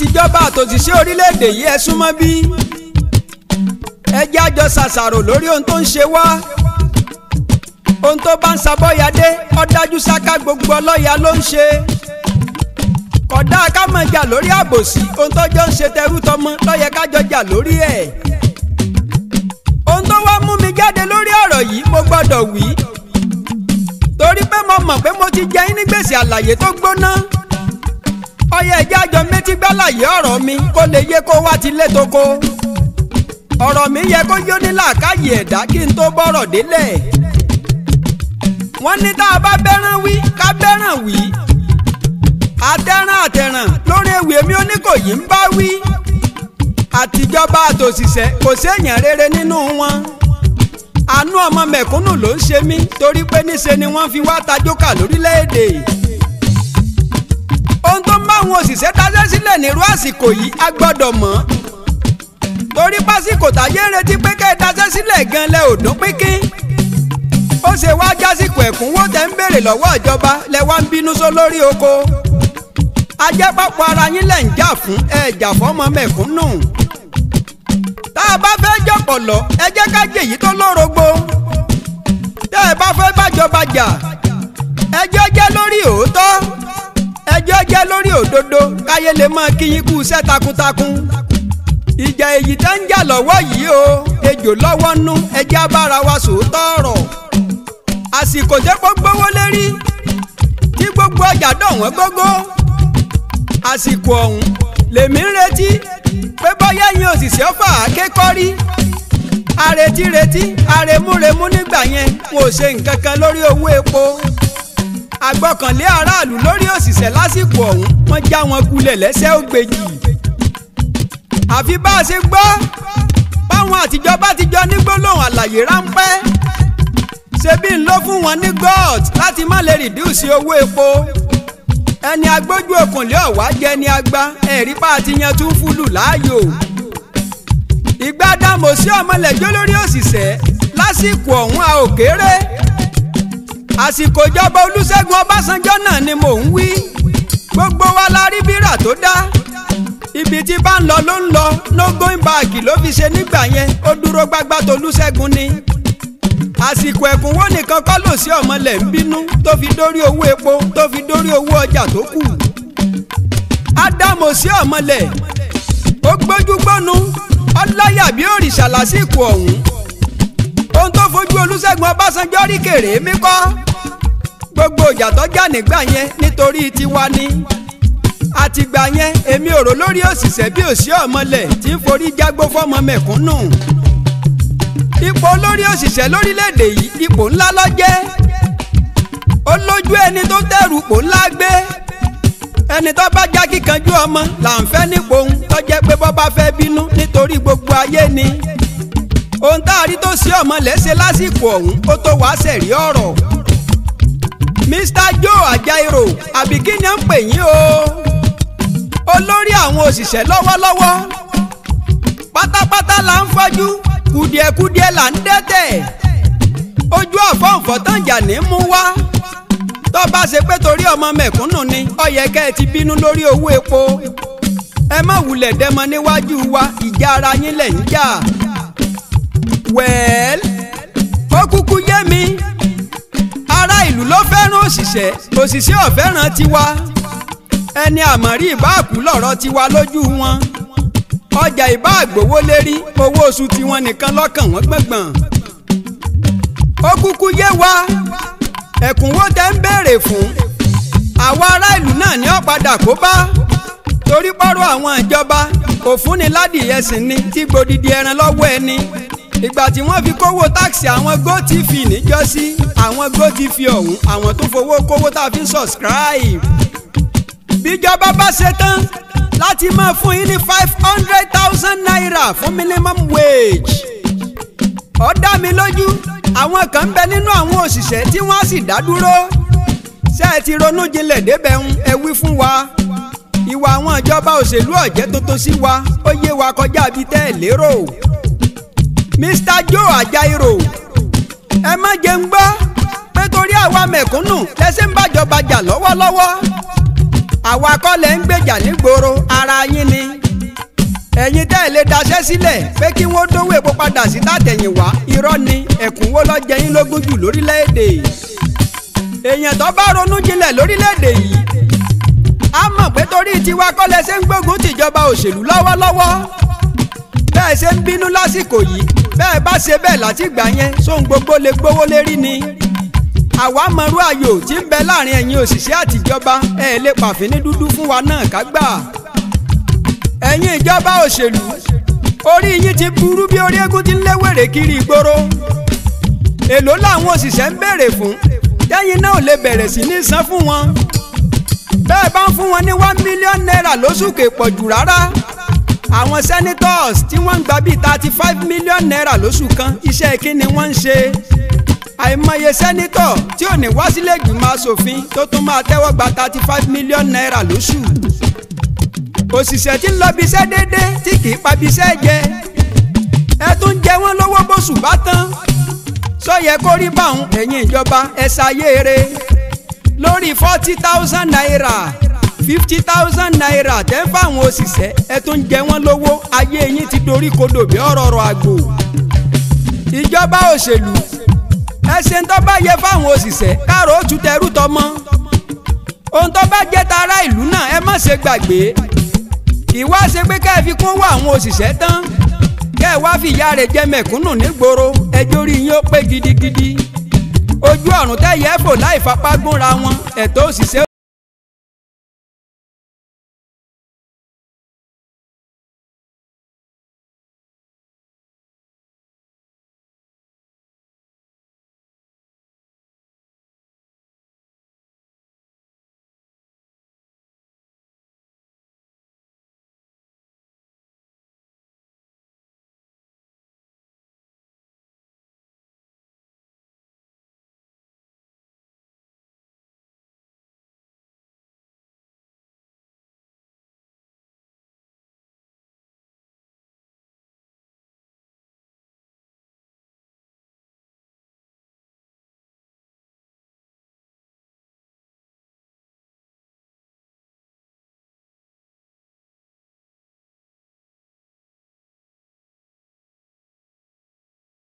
tìjọba àtòṣìṣẹ́ orílẹ̀-èdè yìí ẹ súnmọ́ bí ẹ jẹ́ àjọ ṣàṣàrò lórí ohun tó ń ṣe wá ohun tó bá ń sabọ́yadé ọ̀dájú ṣáká gbogbo ọlọ́yà ló ń ṣe kódà kámọ̀jà lórí àbòsí ohun tó jọ ń ṣe tẹrú tọmọ lọ́yẹ kájọ jà lórí ẹ̀ ohun tó wá mú mi jáde lórí ọ̀rọ̀ yìí mo gbọ́dọ̀ wí torí pé mo mọ̀ pé mo ti jẹ yín gbèsè àlàyé tó gbóná ọyẹ ẹjẹ àjọ méjì gbálàyé ọ̀rọ̀ mi kó lè yé kó wá ti lé toko ọ̀rọ̀ mi yẹ kó yó ní làákàyè ẹ̀dá kí n tó bọ́rọ̀ délẹ̀ wọ́n ní tá a bá bẹ́ràn wí ká bẹ́ràn wí àtẹ̀ràn àtẹ̀ràn lórí ewì èmi oníkòyí ń bá wí àtijọba àtòṣìṣẹ́ kò séèyàn rere nínú wọn àánú ọmọ mẹ̀kúnnù ló ń ṣe mí torí pé níṣe ni wọ́n fi wá tajókà lórílẹ̀‐èdè àwọn òṣìṣẹ́ taṣẹ́ sílẹ̀ nírú àsìkò yìí a gbọ́dọ̀ mọ̀ torí pásíkò táyé ń retí pé kẹ́ ẹ taṣẹ́ sílẹ̀ gan lẹ ò dún pínpín ó ṣe wá jásìkò ẹ̀kúnwó tẹ́ ń béèrè lọ́wọ́ ìjọba lẹ ń bínú só lórí oko ajẹ́pápọ̀ ara yín lẹ̀ ń jà fún ẹ jà fọ́mọ mẹ̀kúnnù tá a bá fẹ́ jọ̀pọ̀lọ̀ ẹ jẹ́ ká jẹ èyí tó lórogbo tẹ́ ẹ bá fẹ́ bájọba jà ẹ jẹ́ lórí òótọ́ ẹjọ́ jẹ́ lórí òdodo káyé lè máa kíyín kú iṣẹ́ takuntakun ìjà èyí tẹ́ ń jà lọ́wọ́ yìí o ejò lọ́wọ́ nú ẹjẹ́ abára wa sòótọ́ ọ̀rọ̀ àsìkò tẹ́ gbogbo lérí tí gbogbo ọjà dọ̀wọ́n gógó àsìkò ọ̀hún lèmi ń retí pé bóyá yín òṣìṣẹ́ fà á ké kọ́rí àrètí retí àrèmúremú nígbà yẹn wọn ṣe nǹkan kan lórí owó epo àgbọ̀kànlé aráàlú lórí òṣìṣẹ́ lásìkò ọ̀hún wọ́n já wọn kulẹ̀ lẹ́sẹ̀ ògbèjì àfi bá a ṣe gbọ́ báwọn àtijọba ti jọ ní gbólóhùn àlàyé ráńpẹ́ ṣebí ń lọ fún wọn ní gọ́ọ̀t láti má lè rìdíùsì owó epo ẹni agbójú òkùnlé ọ̀wá jẹ́ ni agba ẹ̀rí pa àti yan tún fúlù láàyò ìgbà dàmọ̀ sí ọmọlẹ̀jọ́ lórí òṣìṣẹ́ lásìkò ọ̀hún a ò kéré àsìkò ìjọba Olúṣẹ́gun Ọbásanjọ́ náà ni mò ń wí gbogbo wa la rí bírà tó dá ibi tí bá ń lọ ló ń lọ no going back ló fi ṣe nígbà yẹn ó dúró gbágbá tolúṣẹ́gun ni àsìkò ẹ̀kúnwó nìkan kọ́ lò sí ọmọlẹ̀ ń bínú tó fi dórí owó epo tó fi dórí owó ọjà tó kù ádámò sí ọmọlẹ̀ ó gbójú gbónú ọláyà bí òrìṣà lásìkò ọ̀hún ohun tó fojú Olúṣẹ́gun Ọbásanjọ́ rí kèrè mí kọ́ gbogbo ìjà tó jà nígbà yẹn nítorí tiwa ni àtìgbà yẹn èmi òrò lórí òṣìṣẹ́ bí òṣì ọmọlẹ̀ tí ń forí jágbó fọmọ mẹ̀kúnnù ipò olórí òṣìṣẹ́ lórílẹ̀‐èdè yìí ipò ńlá ló jẹ́ ó lójú ẹni tó tẹ̀rù pò ńlá gbé ẹni tó bá já kíkanjú ọmọ là ń fẹ́ nípò òun tó pé bọ́ bá fẹ́ bínú nítorí gbogbo ayé ni ohun tá a rí tó sí ọmọ lẹ́sẹ̀ lásìkò ọ̀hún ó tó wàá sẹ̀rí ọ̀rọ̀. Mr. Joe Ajaero àbí kí ni à ń pè yín o olórí àwọn òṣìṣẹ́ lọ́wọ́lọ́wọ́ pátápátá là ń fọ́jú kùdìẹ̀kùdìẹ̀ là ń dẹ́tẹ̀ ojú àfọ̀nfọ̀ tànjà ní mú wá tó bá ṣe pé torí ọmọ mẹ̀kúnnù ni ó yẹ kẹ́ ẹ ti bínú lórí owó epo ẹ má wulẹ̀ dẹ́mọ níwájú wa ìjà ara yín lẹ̀ ń jà wẹ́ẹ́l ó kúkú yé mi fẹ́ràn òṣìṣẹ́ òṣìṣẹ́ ò fẹ́ràn tiwa ẹni àmọ̀rí ìbáàkú lọ̀rọ̀ tiwa lójú wọn ọjà ìbá àgbòwó lérí owó oṣù tiwọn nìkan lọ́kàn wọ́n gbọ̀ngbọ̀n ó kúkú yé wa ẹ̀kúnwó tẹ́ ń béèrè fún àwa ará ìlú náà ní ọ̀padà kó bá torí pọ́rọ̀ àwọn ìjọba kò ládìyẹ sí ni tí gbòdìdì ẹran lọ́wọ́ ẹni ìgbà tí wọ́n fi kówó táàsì àwọn GoTv níjọ́sí àwọn GoTv ọ̀hún àwọn tó fowó kówó tá a fi ń subscribe bíjọba bá ṣe tán láti máa fún yín ní five hundred thousand naira fún minimum wage ó dá mi lójú àwọn kan ń bẹ nínú àwọn òṣìṣẹ́ tí wọ́n á sì dá dúró ṣé ẹ ti ronú jinlẹ̀ débẹ̀ ń ẹ wí fún wa ìwà àwọn ìjọba òṣèlú ọ̀jẹ́ tuntun sí wa ó yé wa kọjá bíi tẹ́ ẹ lérò. Mr. Joe Ajaero ẹ má jẹ́ ń gbọ́ pé torí àwa mẹ̀kúnnù lẹ́sẹ̀ ń bàjọba jà lọ́wọ́lọ́wọ́ àwa kọ́ lẹ́ ń gbèjà nígboro ara yín ni ẹ̀yin tẹ́ ẹ̀ lè daṣẹ́ sílẹ̀ pé kí wọ́n dówó epo padà sí látẹ̀yìnwá irọ́ ni ẹ̀kúnwó lọ́jẹ́ yín lógún jù lórílẹ̀‐èdè èèyàn tó bá ronú jinlẹ̀ lórílẹ̀‐èdè yìí á mọ̀ pé torí tiwa kọ́ lẹ́sẹ̀ ń gbógun tìjọba òṣèlú lọ́wọ́lọ́wọ́ bẹ́ẹ̀ ṣe ń bínú lásìkò yìí bẹ́ẹ̀ bá ṣe bẹ́ẹ̀ látìgbà yẹn sóhun gbogbo lè gbówó lérí ni. àwa mọ̀rú ayò tí ń bẹ láàrin ẹ̀yin òṣìṣẹ́ àtijọba ẹ̀ lè pàfin ní dúdú fún wa náà ká gbà. ẹ̀yin ìjọba òṣèlú orí yín ti burú bí orí eégún ti ń léwèrè kiri ìgboro. èló làwọn òṣìṣẹ́ ń béèrè fún tẹ́yìn náà ò lè bẹ̀rẹ̀ sí ní san fún wọn. bẹ́ẹ̀ bá ń fún wọn ní one million naira lóṣù kè pọ̀jù rárá àwọn senators tí wọ́n ń gba bíi thirty five million naira lóṣù kan iṣẹ́ kí ni wọ́n ń ṣe àìmọye sẹ́nítọ̀ tí ò ní wá sílé ìgbìmọ̀ asòfin tó tún máa tẹ́wọ́ gba thirty five million naira lóṣù. òṣìṣẹ́ tí ń lọ bíṣẹ́ déédéé tí kì í pa bíṣẹ́ jẹ ẹ tún jẹ wọ́n lọ́wọ́ bóṣù bá tán sọ́yẹ kó rí báwọn ẹ̀yìn ìjọba ẹ̀ ṣàyè lórí forty thousand naira fifty thousand naira tẹ́ fáwọn òṣìṣẹ́ ẹ tó ń jẹ wọ́n lówó ayé yín ti dorí kodò bí ọ̀rọ̀rọ̀ àgbò ìjọba òṣèlú ẹ ṣe ń tó bá yẹ fáwọn òṣìṣẹ́ káàró tu tẹrú tọmọ ohun tó bá jẹ́ tara ìlú náà ẹ má ṣe gbàgbé ìwá ṣe pé ká fi kún wá àwọn òṣìṣẹ́ tán kẹ́ ẹ wá fìyà rẹ̀ jẹ mẹ̀kúnnù nígboro ẹjọ́ rí yín ó pé gidigidi ojú ọ̀run tẹ́yẹ̀ fò